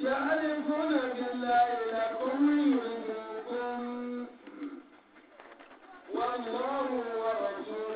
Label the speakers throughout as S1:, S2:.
S1: يعرفون بالله لكم منكم
S2: والله ورسوله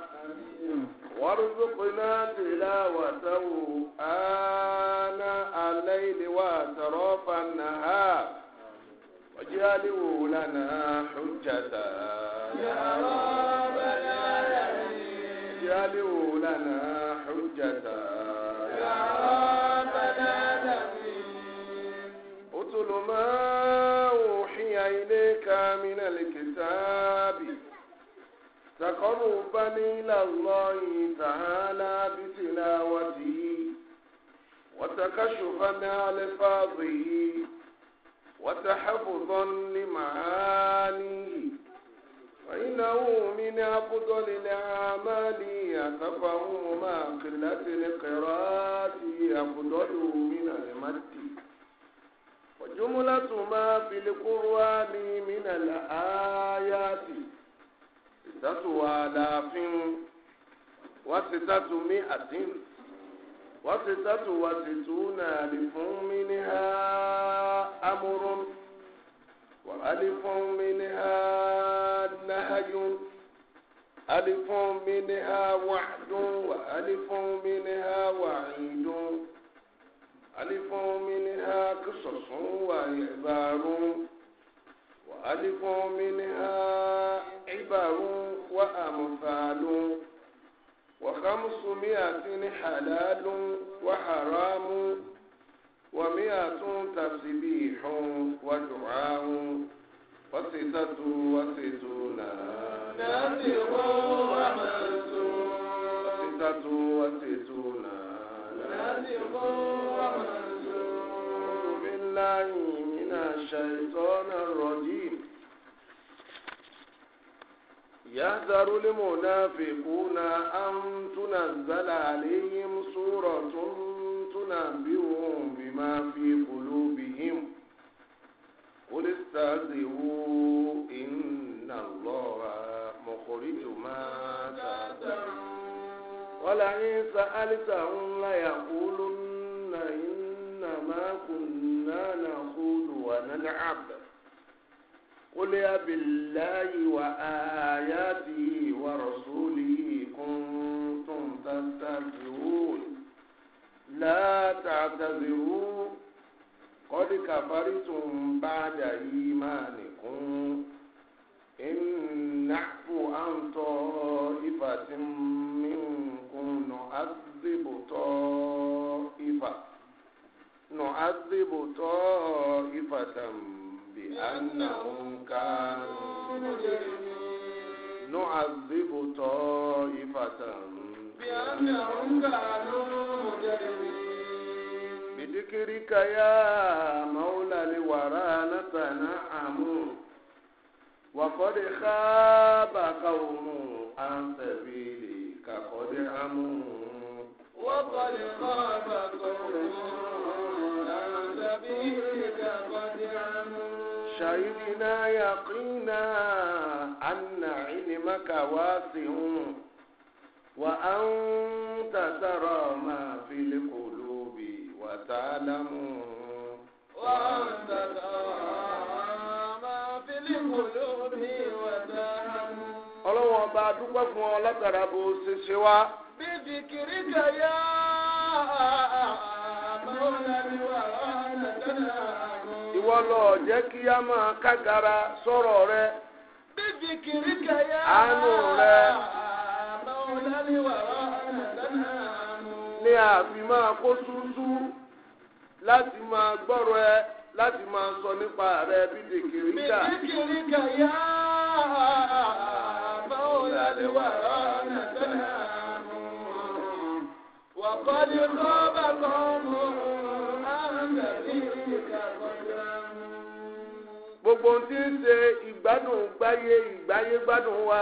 S1: وارزقنا تلاوته آناء الليل وأطراف النهار واجعله لنا حجة يا رب العالمين اجعله لنا حجة يا رب العالمين اتل ما أوحي إليك من الكتاب تقربا إلى الله تعالى بتلاوته وتكشفا عن ألفاظه وتحفظا لمعانيه فإنه من أفضل الأعمال يتفهم ما قلة القراءة أفضل من المد وجملة ما في القرآن من الآيات sitatu alaafin wa sitatu mi atin wa sitatu wa situna alifun miniha amurun wa alifun miniha nahayun alifun miniha wacdun wa alifun miniha wacidun alifun miniha kisosun wa ibaarun wa alifun miniha. عبر وأمثال وخمسمائة حلال وحرام ومائة تسبيح ودعاء وستة وستون ناسخ ومنسوخ وستة وستون ناسخ ومنسوخ بالله من الشيطان الرجيم يهذر المنافقون أن تنزل عليهم سورة تنبئهم بما في قلوبهم قل استهزئوا إن الله مخرج ما تأتون ولئن سألتهم ليقولن إنما كنا نخوض ونلعب قل يا بالله وآياته ورسوله كنتم تستهزئون لا تعتذروا قد كفرتم بعد إيمانكم إن نعفو عن طائفة منكم نعذب طائفة نعذب طائفة بأنهم كانوا مجرمين نعذب طائفة بأنهم كانوا مجرمين بذكرك يا مولى الورى نتنعم وقد خاب قوم عن سبيلك قد عموا وقد خاب
S2: شهدنا
S1: يقينا أن علمك واسع وأنت ترى ما في القلوب وتعلم وأنت ترى ما في القلوب وتعلم ọlọ́wọ́n ọba dúpẹ́ fún ọ látara bó ṣe ṣe wá. bíbí kiri kẹyà àwọn ọlọ́ni wà lọ́nà tẹ́lẹ̀ àgọ́. ìwọ lọ jẹ́ kí a máa kágara sọ̀rọ̀ rẹ. bíbí kiri kẹyà àánú rẹ. ní àfi máa kó súnsú láti máa gbọ́rọ̀ ẹ láti máa sọ nípa rẹ bíbí kiri bíbí kiri kẹyà àánú kọ́ bá kọ́ mọ́. gbogbo ohun tí ń ṣe ìgbádùn gbáyé ìgbáyé gbádùn wa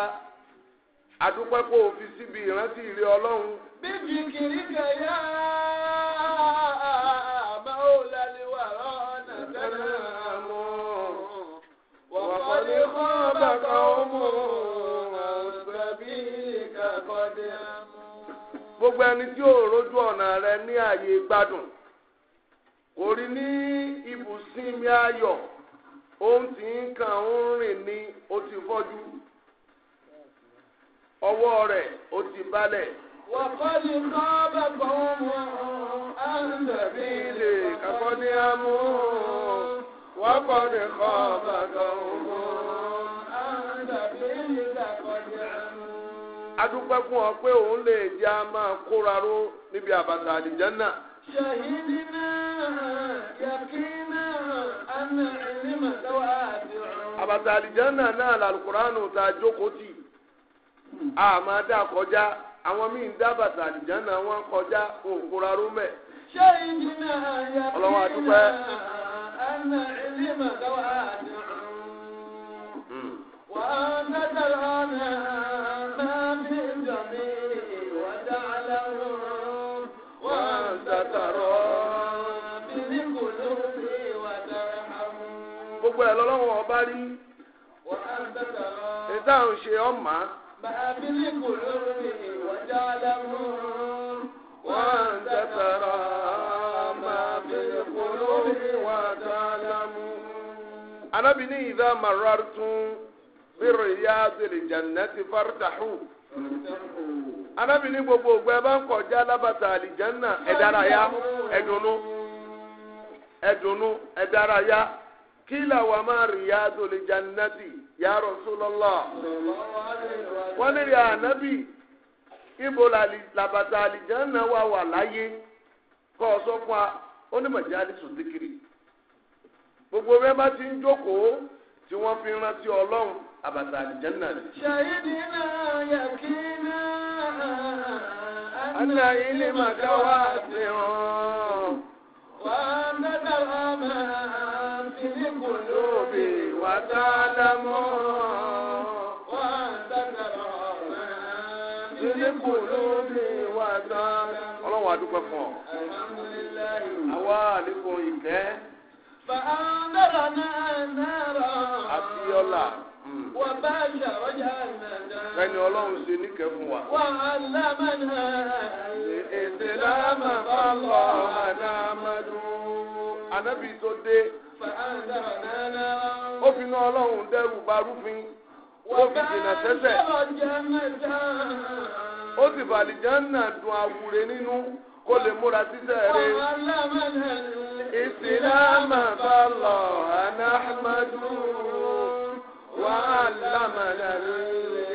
S1: adúpẹ́ kó o fi síbi ìrántí ìrẹ ọlọ́run. bí kìkìrì kẹyà àmọ́ ò lálẹ́ wà lọ́nà tẹ́lẹ̀ àmọ́ wọ́n kọ́ bàtà ọmọ gbogbo ẹni tí ò rójú ọ̀nà rẹ ní ààyè gbádùn kò rí ní ibùsùn mi ayọ̀. ohun tí ń kàn ń rìn ní o ti fọ́jú ọwọ́ rẹ̀ o ti balẹ̀. wàkọ́lì kọ́ bẹ̀ kọ́ mu àǹdàbí lè kakọ́ ní amú wàkọ́lì kọ́ bẹ̀ kọ́ mu àǹdàbí lè kakọ́ ní amú. adúpẹ́ fún ọ pé òun lè jẹ́ a máa kóra ró níbi àbàtà náà. àbàtà àlìjánà náà làlùkùránù tá a jókòó tì a máa dá kọjá àwọn míì ń dá àlìjánà wọn kọjá òǹkura rúmẹ. ṣé náà rẹ̀ lọ́lọ́wọ́ ọba rí ìta ò ṣe ọ̀mà. bàbílì kò lórí ìwọ́jà lẹ́mú wọ́n ń tẹ̀sọ̀rọ̀ bàbílì kò lórí ìwọ́jà lẹ́mú. anábì ní ìdá màrúwárú tún bírò ìyá àdìrì jannati fartahu. anábì ní gbogbo ògbẹ́ bá ń kọjá lábàtà àlìjánná ẹ̀dára ẹ̀dùnnú ẹ̀dùnnú ẹ̀dára Kila wà máa riyadu li jannati ya Rasulullah wọ́n ní rí ànábì ibo làbàtà àlìjánná wà wà láyé kọ́ ọ fún wa ó ní majalisu zikiri gbogbo rẹ bá ti ń jókòó tí wọ́n fi rántí ọlọ́run àbàtà àlìjánná rẹ̀. shahidina yakina anna ilé màkà wá sí hàn. القلوب وتعلموا Ọlọ́run wa dúpẹ́ fún ọ. Àwa àlékún ìkẹ́. Fàándàrà náà náírà. Àti ọ̀la. Wà bá ṣàwọ́jà nàdá. Ọlọ́run ṣe níkẹ́ fún wa. Wà á Ètè lámà bá lọ Ànábì tó dé. ó o ná ọlọ́run dẹ́rù barúfin ó fi jìnà sẹ́sẹ̀ ó sì fàlìjánà dùn àwùrẹ́ nínú kó lè múra sísẹ́ rẹ̀. ìsìlámà bá lọ anáhàmàdù wà á lámàlà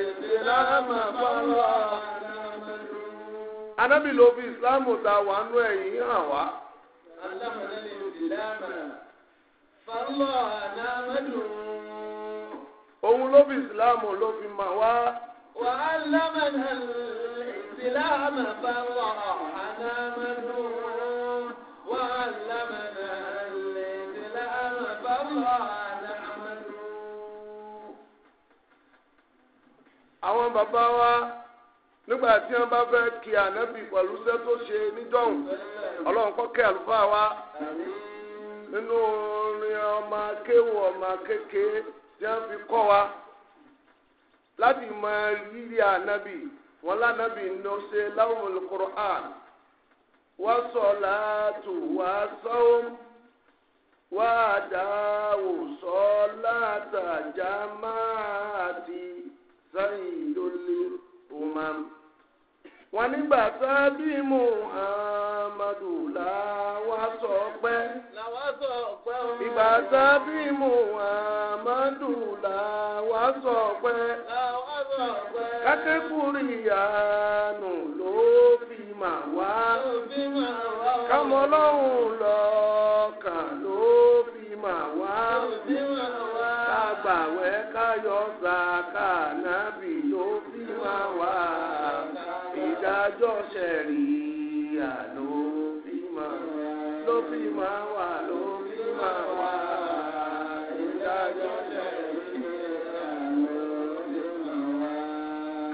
S1: ìsìlámà bá lọ. ta wà nú ẹ̀yìn hàn wá. òun ló fi ìsìláàmù ló fi mà wá. wà á lámàdà ìsìláàmù bá wà àdámàdù wà á lámàdà ìsìláàmù bá wà àdámàdù. àwọn bàbá wa nígbà tí wọn bá fẹ́ kí ànábì pẹ̀lú iṣẹ́ tó ṣe níjọ́hùn ọlọ́run kọ́kẹ́ àlùfáà wa. Àmín. nínú orin ọmọ akéwò ọmọ kékeré tí wọ́n fi kọ́ wa láti mọ rírì ànábì wọn lánàbì ní ó ṣe láwùmọ̀lù Qur'an wọ́n sọ láàtù wá sọ́wọ́n wá dáwò sọ látàjà máa ti sẹ́yìn lólè umam wọn nígbà sábì Muhammadu làwọn sọ pé. ìgbà sábì muhammadu là wá sọ pé kákékùrì àánú ló fi mà wá kámọ́lọ́hún lọ́ọ̀kan ló fi mà wá kàgbàwẹ́ káyọ̀ sàkà nábì ló fi mà wá ìdájọ́ ṣẹ̀rí àlọ́ ló fi mà wá ló.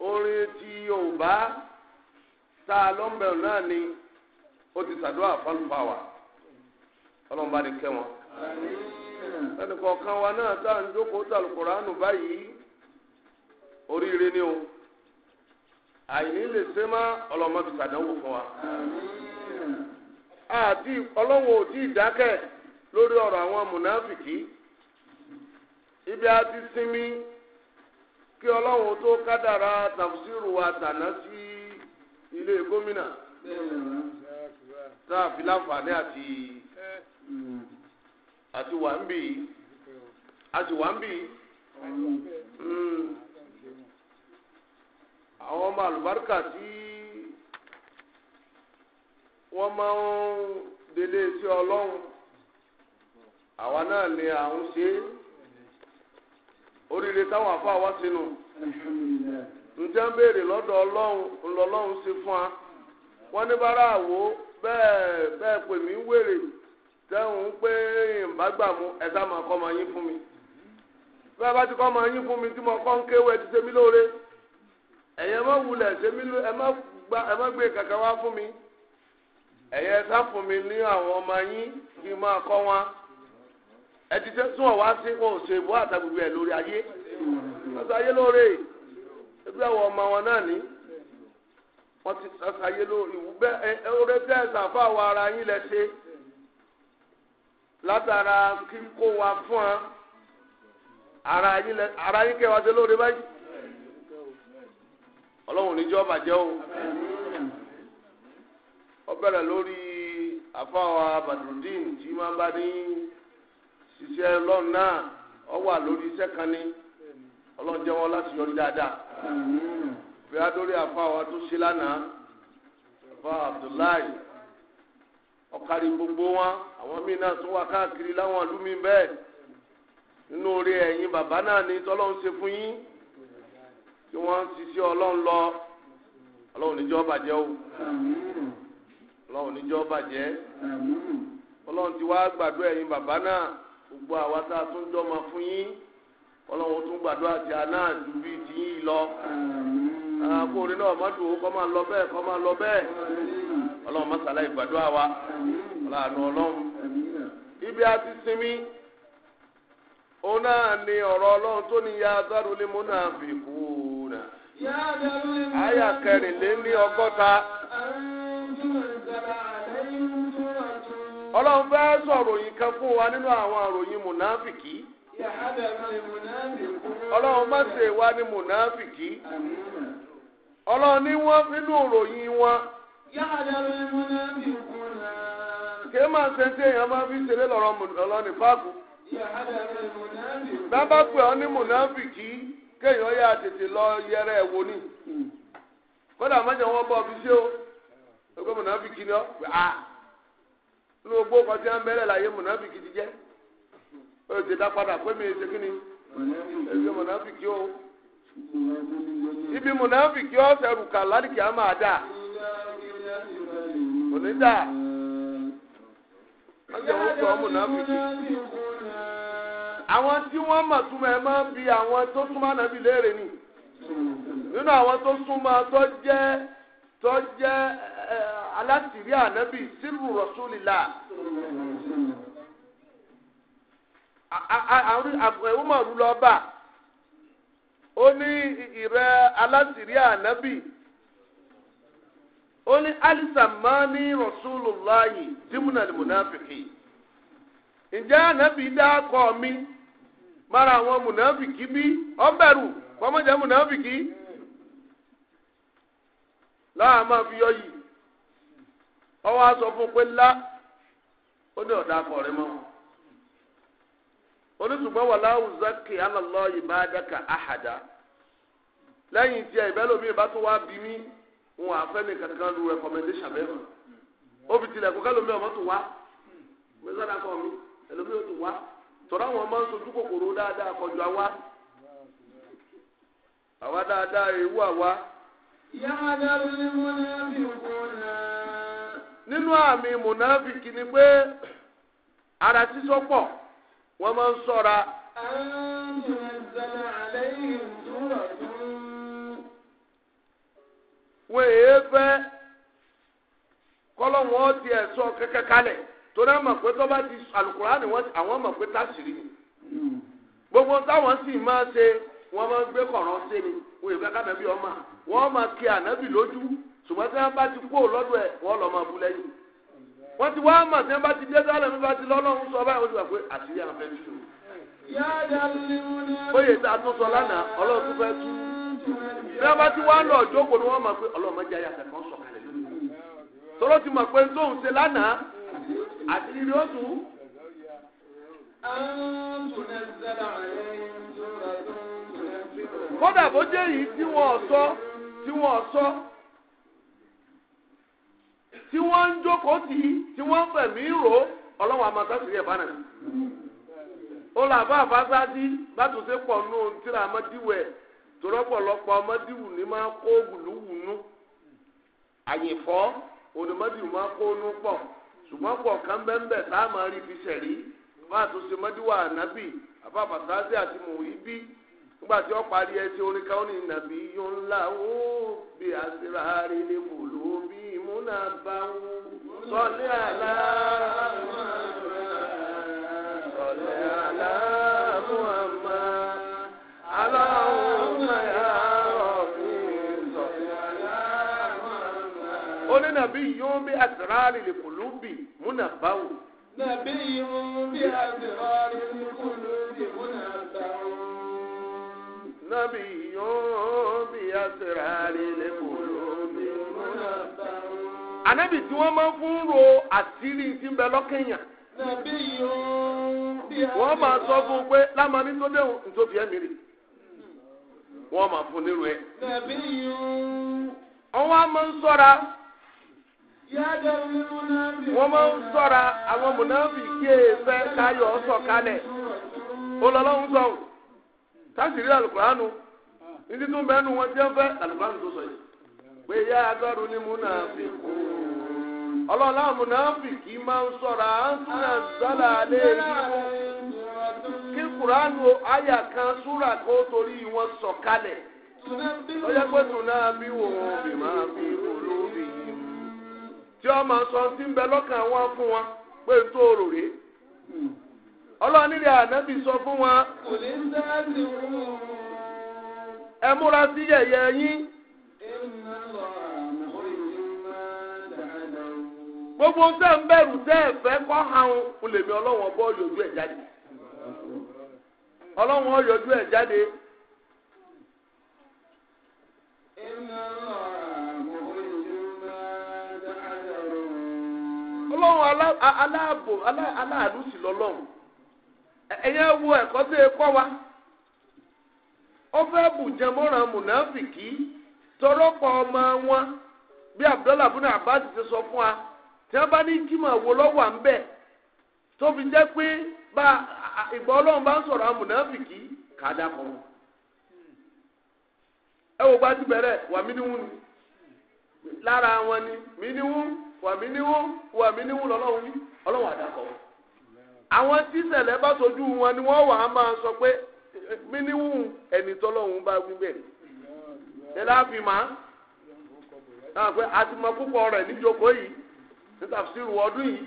S1: orin ti yorùbá tá a lọ náà ni ó ti fọlùfà wa ọlọ́run bá kẹ́ wọn. wa náà tá à ń jókòó tà lùkùránù báyìí oríire ni o àìní lè ṣe má ọlọ́mọ ti fún wa. àti ọlọ́wọ́ ò tí dákẹ́ lórí ọ̀rọ̀ àwọn ibi a ti sinmi. kí ọlọ́run tó kádàrá tafsiru wa tàná sí ilé gómìnà tá a fi láǹfààní àti àti wà ń bì àti wà ń bì hmm. àwọn ọmọ àlùbáríkà tí wọ́n máa ń délé sí ọlọ́run àwa náà ni à ń oríire táwọn afọ àwa sínú ǹjẹ́ ń béèrè lọ́dọ̀ ọlọ́run ńlọ́lọ́run sí fún wa wọ́n ní bára àwo bẹ́ẹ̀ bẹ́ẹ̀ pè mí wèrè tẹ́hùn pé ẹ̀dá máa kọ́ máa yín fún mi bí bá ti kọ́ máa yín fún mi tí mo kọ́ ń kéwé ti ṣe mí mi ẹ̀yẹ sá fún mi ní àwọn ọmọ yín ẹtì tẹ sún ọwá sí wọn ò ṣe ìbò àtàgbègbè ẹ lórí ayé ọsọ ayé lóore ebi àwọn ọmọ wọn náà ní wọn ti ọsọ ayé lóore ìwúgbẹ ẹ oore tẹ ẹsàn fún àwọn ara yín lẹ ṣe látara kíkó wa fún ọ ara yín lẹ ara yín kẹwàá ṣe lóore báyìí ọlọ́run níjọ́ bàjẹ́ o ọ lórí àfáwà Badrudeen tí iṣẹ́ ọlọ́run náà ọ wà lórí iṣẹ́ kan ní ọlọ́run jẹ́ wọn láti yọrí dáadáa. a tó ṣe lánàá àfa Abdullahi ọ̀kadì gbogbo wọn àwọn míì náà tún wá káàkiri láwọn ìlú bẹ́ẹ̀ nínú orí ẹ̀yìn bàbá náà ni tọ́lọ́run ṣe fún yín tí wọ́n ṣiṣẹ́ ọlọ́run lọ ọlọ́run níjọ́ bàjẹ́ o ọlọ́run níjọ́ bàjẹ́ ọlọ́run ti wá gbàdúrà ẹ̀yin bàbá náà. gbogbo àwa tá a tún ma fún yín ọlọ́run tún gbàdúrà tí a náà bíi ti yín lọ. kóore náà kọ ma kọ́ máa lọ bẹ́ẹ̀ kọ́ máa lọ bẹ́ẹ̀ ọlọ́run ibi a ti sinmi òun náà ni ọ̀rọ̀ ọlọ́run ya náà. ọgọ́ta. ọlọ́run fẹ́ sọ̀rọ̀ yìí kan fún wa nínú àwọn àròyìn mùnáfìkì. ọlọ́run ṣe wá ní mùnáfìkì. ọlọ́run ní wọ́n nínú òròyìn wọn. kí máa ṣe tí èèyàn máa fi ṣeré lọ́rọ̀ ọlọ́ni páàkù. bá bá pè ọ́ ní mùnáfìkì kéèyàn tètè lọ yẹrẹ ẹ̀ wò ni. Hmm. kódà má jẹ́ fi ṣe o. ẹgbẹ́ mùnáfìkì ní gbogbo tí wọ́n bẹ̀rẹ̀ láyé mọ̀nàbìkì ti jẹ́ ó ti padà pé mi ṣe kí ni o ibi mọ̀nàbìkì ó ṣẹ̀rù kà lálìkì á máa onídà ọjọ́ wọn sọ mọ̀nàbìkì àwọn tí wọ́n mọ̀ túmọ̀ ẹ̀ máa ń bi àwọn tó súnmọ́ nàbì léèrè ni nínú àwọn tó tó jẹ́ tó jẹ́ alátìrí ànábì sírù rọ̀ṣúlìlà àwùmọ̀rù lọ́ba ó ní ìrẹ́ alátìrí ànábì ó ní alisamani rọ̀ṣúlùláyì dìmúnàlì mùnàfìkì ǹjẹ́ ànábì dákọ̀ mi mara àwọn mùnàfìkì bí ọ̀bẹ̀rù kọ́mọ́jẹ́ mùnàfìkì láàmú àfihàn yìí ọwọ́ aṣọ fún pé ńlá ó ní ọ̀dà akọ̀ rẹ mọ́ oníṣùgbọ́n wà láwùú zaki alọ́lọ́ ìbádàkà àhàdá lẹ́yìn tí ìbẹ́lómi ìbá tó wá bí mí wọn àfẹ́ni kankan lu recommendation bẹ́ẹ̀ ó fi tilẹ̀ kó kẹ́lómi ọmọ tó wá mẹ́sàdá kọ́ mi ẹlòmí ò tó wá tọ́lá wọn máa ń sojú kòkòrò dáadáa kọjú àwa àwa dáadáa ewu àwa. ìyá máa dábìlì mọ́ ní ẹbí òkú náà. nínú àmì mùnàfíkì ni pé ara sísọ pọ̀ wọ́n máa ń ṣọ́ra. wọ́n èé fẹ́ kọ́lọ́ wọn ẹ̀sọ́ kẹ́kẹ́ kalẹ̀ torí àwọn mọ̀ tó bá ti Al-Kùránì àwọn pé gbogbo táwọn sì máa ṣe wọ́n máa ń gbé kọ̀ọ̀rọ̀ sí ni wọ́n èé fẹ́ kábẹ́ bí ọmọ wọ́n máa kí ànábì lójú. ṣùgbọ́n tí wọ́n bá ti kú lọ́dọ̀ ẹ̀ wọ́n lọ́ máa bú lẹ́yìn wọ́n ti wá mọ̀ tí wọ́n bá ti dé sálẹ̀ nípa ti lọ́lọ́run sọ báyìí wọ́n ti wà pé àṣírí àwọn fẹ́ tú. oyè tá a tún sọ lánàá ọlọ́run tún fẹ́ tú. tí
S2: wọ́n bá ti wá lọ
S1: jókòó ni wọ́n mọ̀ pé ọlọ́run mọ̀já yàtọ̀ kan sọ̀kalẹ̀ lónìí. tọ́lọ́ ti mọ̀ pé tóun ṣe lánàá àṣírí ó tú. kódà bó jẹ́ yìí tí wọ́n sọ tí wọ́n sọ tí wọ́n ń jókòó tì í tí wọ́n ń fẹ̀mí rò ó ọlọ́run ẹ̀ bánà. ó là bá tó bátúnṣe pọ̀ nù tíra mọ́díwẹ̀ lọ́pọ̀lọpọ̀ mọ́díwù ní máa kó gbùlúwù nù. àyìnfọ́ onímọ́díwù máa kó nù pọ̀ ṣùgbọ́n pọ̀ bẹ́ẹ̀ a máa rí fi ṣẹ̀rí mọ́díwà àti nígbà tí ó parí ẹsẹ orin kan ó ní nàbí yóò ńlá ó bí àṣírà rere kò ló bí múnà bá wù sọlẹ àlá sọlẹ àlá muhammad aláhùnmá yà rọbì sọlẹ àlá muhammad. ó ní nàbí yóò bí àṣírà rere kò ló bí múnà bá wù. nàbí yóò bí àṣírà rere kò ló bí múnà bá wù. نبي بأسرار tí wọ́n máa ń fún ro àṣírí tí ń bẹ Wọ́n máa sọ fún un pé lámàmí tó dé rè. Wọ́n máa fún nírú ẹ. Àwọn á máa ń sọ́ra. Wọ́n máa ń sọ́ra àwọn mùnáfíkì èèfẹ́ káyọ̀ ọ̀sọ̀ sọ̀rọ̀. tásìrí alukuranu ní tún bẹ́ẹ̀ nu wọn jẹ́ fẹ́ alukuranu tó sọ yìí pé ya agbárò ní múnàfíkù ọlọ́ọ̀lá múnàfíkì máa ń sọ̀rọ̀ à tún náà sálà lé kí kuranu àyà kan súrà kó torí wọn sọ̀kalẹ̀ lọ́jọ́ pé tún náà bí wọ́n bí máa bí olórí tí wọ́n máa sọ ti ń bẹ lọ́kàn wọn fún wọn n tó rò ọlọ́run nílẹ̀ ànábì sọ fún wọn. kò lè ń dá ẹ múra sí yẹ̀yẹ́ yín. gbogbo ń ẹ hàn lè mi ẹ̀ jáde. yọjú ẹ̀ jáde. aláàbò lọ́lọ́run. ẹ̀yẹ wo ẹ̀kọ́ tó yẹ kọ́ wa ó fẹ́ mùnàfìkì ọmọ wọn bí Abdullahi abuna Abbas ti sọ fún wa tí bá ní jimá wo à ń tó fi pé bá ìgbà bá ń amùnàfìkì wọn. ti wà mí níwú ni lára wọn ni mí níwú wà mí níwú wà mí níwú àwọn tíṣẹ̀lẹ̀ bá sojú wọn ni wọ́n wà á máa sọ pé mínímù ẹni tọ́lọ́hún bá wí bẹ́ẹ̀ tẹ́lá fi máa náà pé a ti mọ púpọ̀ rẹ̀ níjókòó yìí ní tàfsírù ọdún yìí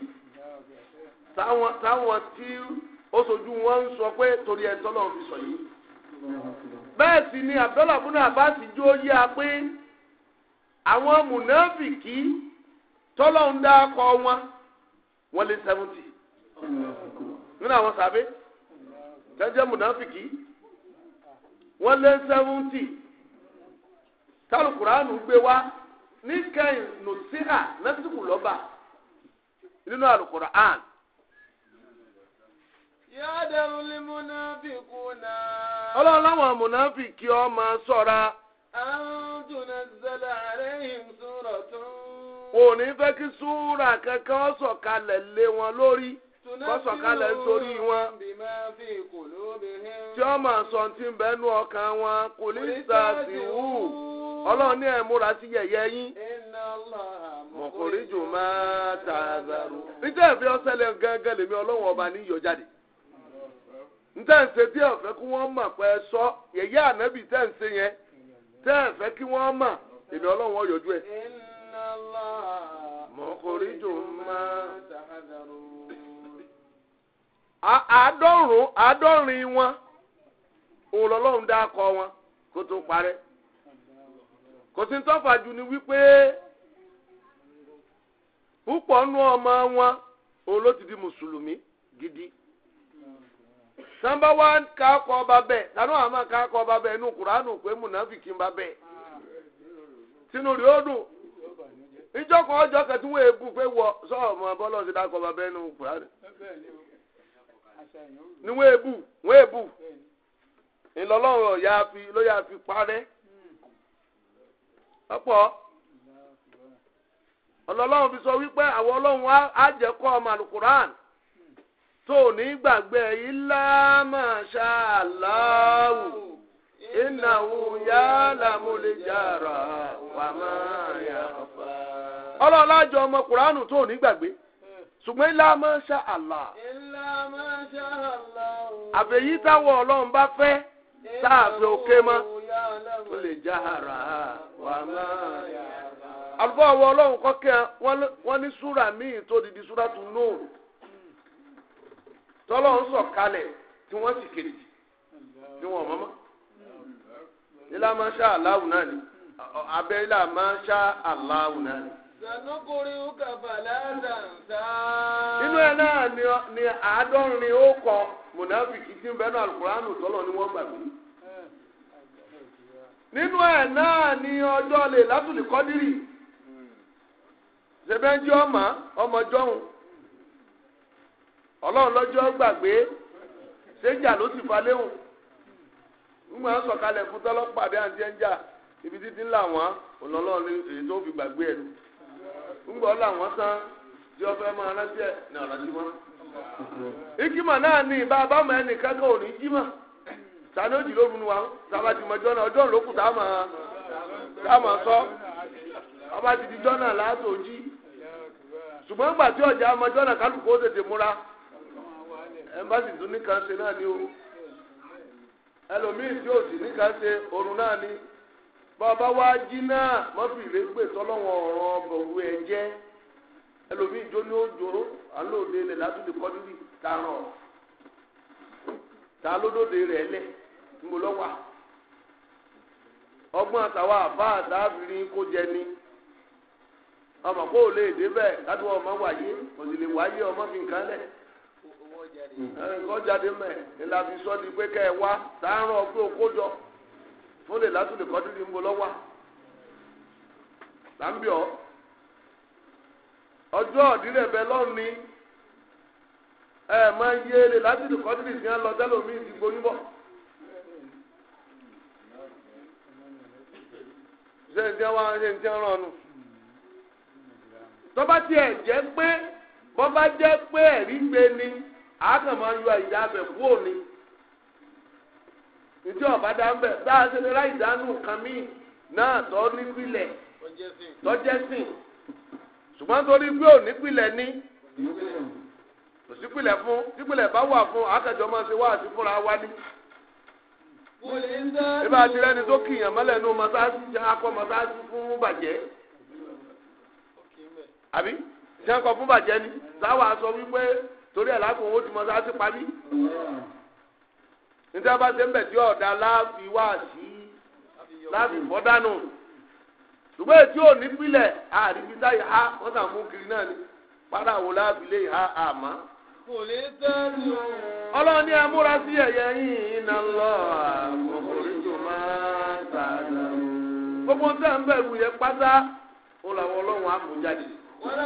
S1: táwọn tí ó sojú wọn ń sọ pé torí ẹni tọ́lọ́hún fi sọ yìí bẹ́ẹ̀ sì ni Abdullahi abúlé abasi jó yí a pé àwọn mùnáfìkì tọ́lọ́hún dá kọ́ wọn wọ́n lé sẹ́fúntì nínú àwọn sàbẹ jẹjẹ mùnàfìkì wọn lé sẹfúntì tálùkùránù gbé wá níkẹyìn nùsíhà lẹsìkù lọba nínú àlùkùránù. yàdàrú lè múnàfìkù náà. ọlọ́run láwọn múnàfìkì ọ máa ṣọ́ra. àwọn tó náà zẹlẹ̀ àrẹ́yìn sọ̀rọ̀ òní fẹ́ kí súra kankan sọ̀kalẹ̀ lé wọn lórí. kọ́sọ̀kalẹ̀ nítorí wọn. tí ọmọ àsọ̀ntì ń bẹ́nu ọkàn wọn kò ní sàbí wù ọlọ́run ní ẹ̀múra sí yẹ̀yẹ́ yín. máa ta àzàrò. níta ọ̀sẹ̀lẹ̀ gángan lèmi ọlọ́run ọba ní jáde. níta ìṣe tí ẹ̀fẹ́ kí wọ́n mọ̀ pé sọ yẹ̀yẹ́ ànábì tẹ́ ń ṣe yẹn tẹ́ ẹ̀fẹ́ kí wọ́n mọ̀ èmi ọlọ́run ẹ̀. máa ta àzàrò. a àádọ́rin wọn òun lọ́lọ́run wọn kó tó parẹ́ kò sí tọ́fà jù ni wípé púpọ̀ nú ọmọ wọn òun ló gidi sanba wa ọba bẹ́ẹ̀ lanu àmà kakọ ọba bẹ́ẹ̀ inú kuranu pé munafiki ń ba bẹ́ẹ̀ sínú rí ó dùn ìjọkọ pé sọ ọba inú ni wọ́n èbù wọ́n èbù ìlọlọ́run ya fi ló ya fi parẹ́ ọ̀pọ̀ ọlọ́lọ́run fi sọ wípé àwọn ọlọ́run á jẹ́ kọ ọmọ alukuran tó ní gbàgbé ilá màṣá aláwù ìnáwó yálà jàrà wà má yà ọ̀fà. ọlọ́ọ̀lá jọ ọmọ kuranu tó ní gbàgbé ṣùgbọ́n ilá màṣá aláwù. ilá màṣá àbẹ̀yí táwọn ọlọ́run bá fẹ́ sáàbẹ̀ òkè mọ́ ó lè já ara wà máa yà bá. àlùfáà wọ ọlọ́run kọ́kẹ́ wọ́n ní súrà míì tó di di súrà tún nóòrù tọ́lọ́ ń sọ kalẹ̀ tí wọ́n sì kejì tí wọ́n mọ́mọ́. ilá máa ń ṣá aláwù náà ni abẹ́ ilá máa ń ṣá aláwù náà ni. n'inu fala inú ẹ náà ni àádọ́rin ó kọ mùnàfíkì tí ń bẹ́ẹ̀ náà tọ́lọ̀ ni wọ́n gbàgbé. nínú ẹ náà ni ọjọ́ lè kọ́dírì ọmọ ọmọ jọ́hún ọlọ́run lọ́jọ́ gbàgbé ṣéjà ló sì falẹ́hùn nígbà wọn sọ̀kalẹ̀ fún tọ́lọ́pàá bí ibi títí ńlá wọn ọlọ́run èyí tó fi mgbe ọ tán tí wọ́n fẹ́ máa rántí ẹ̀ ní ọ̀rọ̀ tí wọ́n. ìkímọ̀ náà ni bàbá ọmọ ẹnì kankan ò ní jí mọ̀ wa ti a ma sọ
S2: ọba ti di jọ́nà láàtò
S1: jí ṣùgbọ́n gbà tí ọjà kálukú ó tètè múra tún ní kan ṣe náà ni o ẹlòmíì bàbá wa jí náà mọ́fìlì gbè tọ́lọ́wọ́n ọ̀rọ̀ ọ̀bọ̀wú ẹ jẹ́ ẹlòmíì jó ní òjò alóòde lẹ̀ látúndì kọ́dúrì tààrọ̀ ta lódòdè rẹ̀ lẹ̀ ńbọlọ́wà ọgbọ́n àtàwọn àbá àtàbìrin kó jẹ ni ọmọ o lè débẹ̀ wáyé wáyé ọmọ fi nǹkan lẹ̀ jáde mẹ́ ẹ̀ làbí fún lè látúndì kọ́dúrì ń bo ọjọ́ bẹ lọ́ọ̀ni ẹ máa yé lè látúndì kọ́dúrì sí ẹ lọ tẹ́lómi ti gbóyún bọ̀. ṣe ń wá ṣe jẹ́ ìdí ọ̀bá dá ń bẹ̀ bá a ṣe lè ráì dánú nǹkan míì náà tó nípìlẹ̀ tọ́jẹ́sìn ṣùgbọ́n torí pé ò nípìlẹ̀ ní kò sípìlẹ̀ fún sípìlẹ̀ bá wà fún akẹ́jọ́ máa ṣe wá àti fúnra wa ní. ibà ti rẹ́ni tó kìyàn mọ́lẹ̀ nù mọ́sáàsì jẹ́ akọ mọ́sáàsì fún bàjẹ́ àbí jẹ́ akọ fún bàjẹ́ ni sáwà sọ wípé torí ẹ̀ lákòó ó ti mọ́sáàsì parí. nítorí a bá ṣe ń bẹ̀ tí ọ̀dà láàfin wá sí láàfin fọ́dánù ṣùgbọ́n ètí ò ní pílẹ̀ àríbí táyà á wọ́n sàn kiri náà ni padà wò láàfin lè ha àmọ́. kò lè tẹ́lẹ̀ o. ọlọ́ni amúra sí ẹ̀yẹ yìí iná lọ àkókòrí tó máa gbogbo ń tẹ̀ ń bẹ̀rù yẹn pátá ó làwọn ọlọ́run á jáde. wọ́n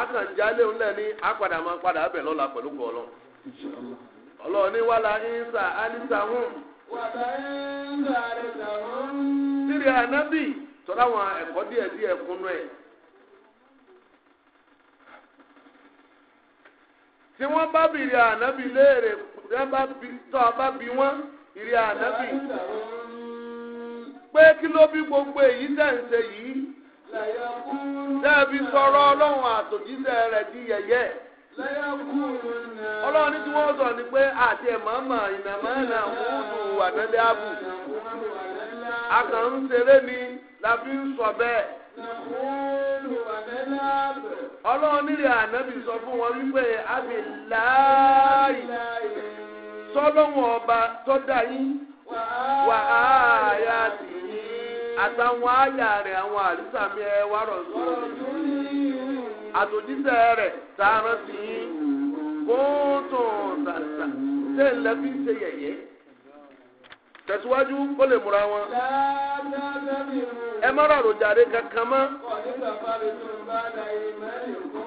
S1: àkànjálé ńlẹ̀ ní àpàdà máa padà bẹ̀ lọ́la pẹ̀lú gbọ́lọ́ ọlọ́run ní wàhálà ìnsà àlìsà hùn. wàhálà ìnsà àlìsà hùn. sírí ànábì tọ́lá àwọn ẹ̀kọ́ díẹ̀ díẹ̀ kúnú ẹ̀. tí wọ́n bá léèrè bá wọ́n dẹ́ẹ̀bi sọ̀rọ̀ ọlọ́run àtòjíṣẹ́ rẹ̀ di yẹ̀yẹ́. ọlọ́run ní tí wọ́n sọ ni pé àti ẹ̀mọ́mọ́ ìnàmọ́nà òòdù ànádé àbù. akàn ń ṣeré ni la fi ń sọ bẹ́ẹ̀. ọlọ́run nílẹ̀ ànábì sọ fún wọn wípé àbí láàyè sọ́lọ́wọ́n ọba tó dá yín wà á yá sí. àtàwọn àyà rẹ̀ àwọn àrísàmì ẹ wà rọ̀sùn àtòjíṣẹ́ rẹ̀ sàárán sí i kóòtò sàṣà ṣé ń lẹ́bí ṣe yẹ̀yẹ́ tẹ̀síwájú ó lè múra wọn. ẹ má rọrùn jàre kankan mọ́.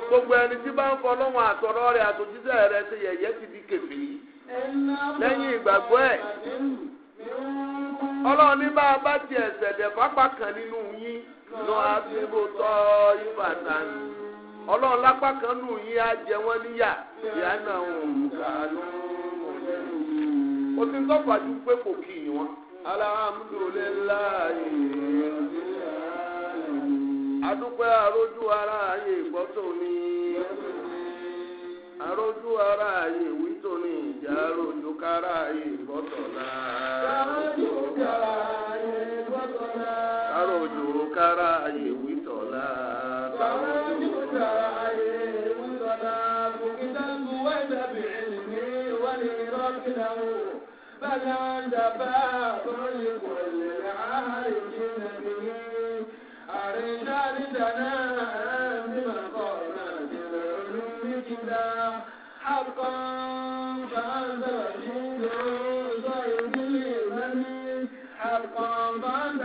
S1: gbogbo ẹni tí bá ń fọ lọ́wọ́n àtọ̀rọ̀ rẹ̀ àtòjíṣẹ́ rẹ̀ ṣe yẹ̀yẹ́ ọlọ́run ní bá a bá tiẹ̀ ṣẹ̀dẹ̀ fápá kan nínú yín lọ àbíbò tọ́ ìbàdàn ọlọ́run lápá kan nù yín á jẹ wọ́n níyà ìyá náà ń kà ló o ti ń tọ́pọ̀ pé kò kì í wọn. arójú ara ààyè tóní ìjà arójú kára ààyè bọ́tọ̀lá. arójú kára ààyè bọ́tọ̀lá. arójú kára ààyè wítọ̀lá. arójú kára ààyè wítọ̀lá. bùkítà ń bu wájà bìrì ní wàlẹ̀ rọ́ọ̀kì náà. bàlá ń dàbà kọ́lé kọ́lé خلقا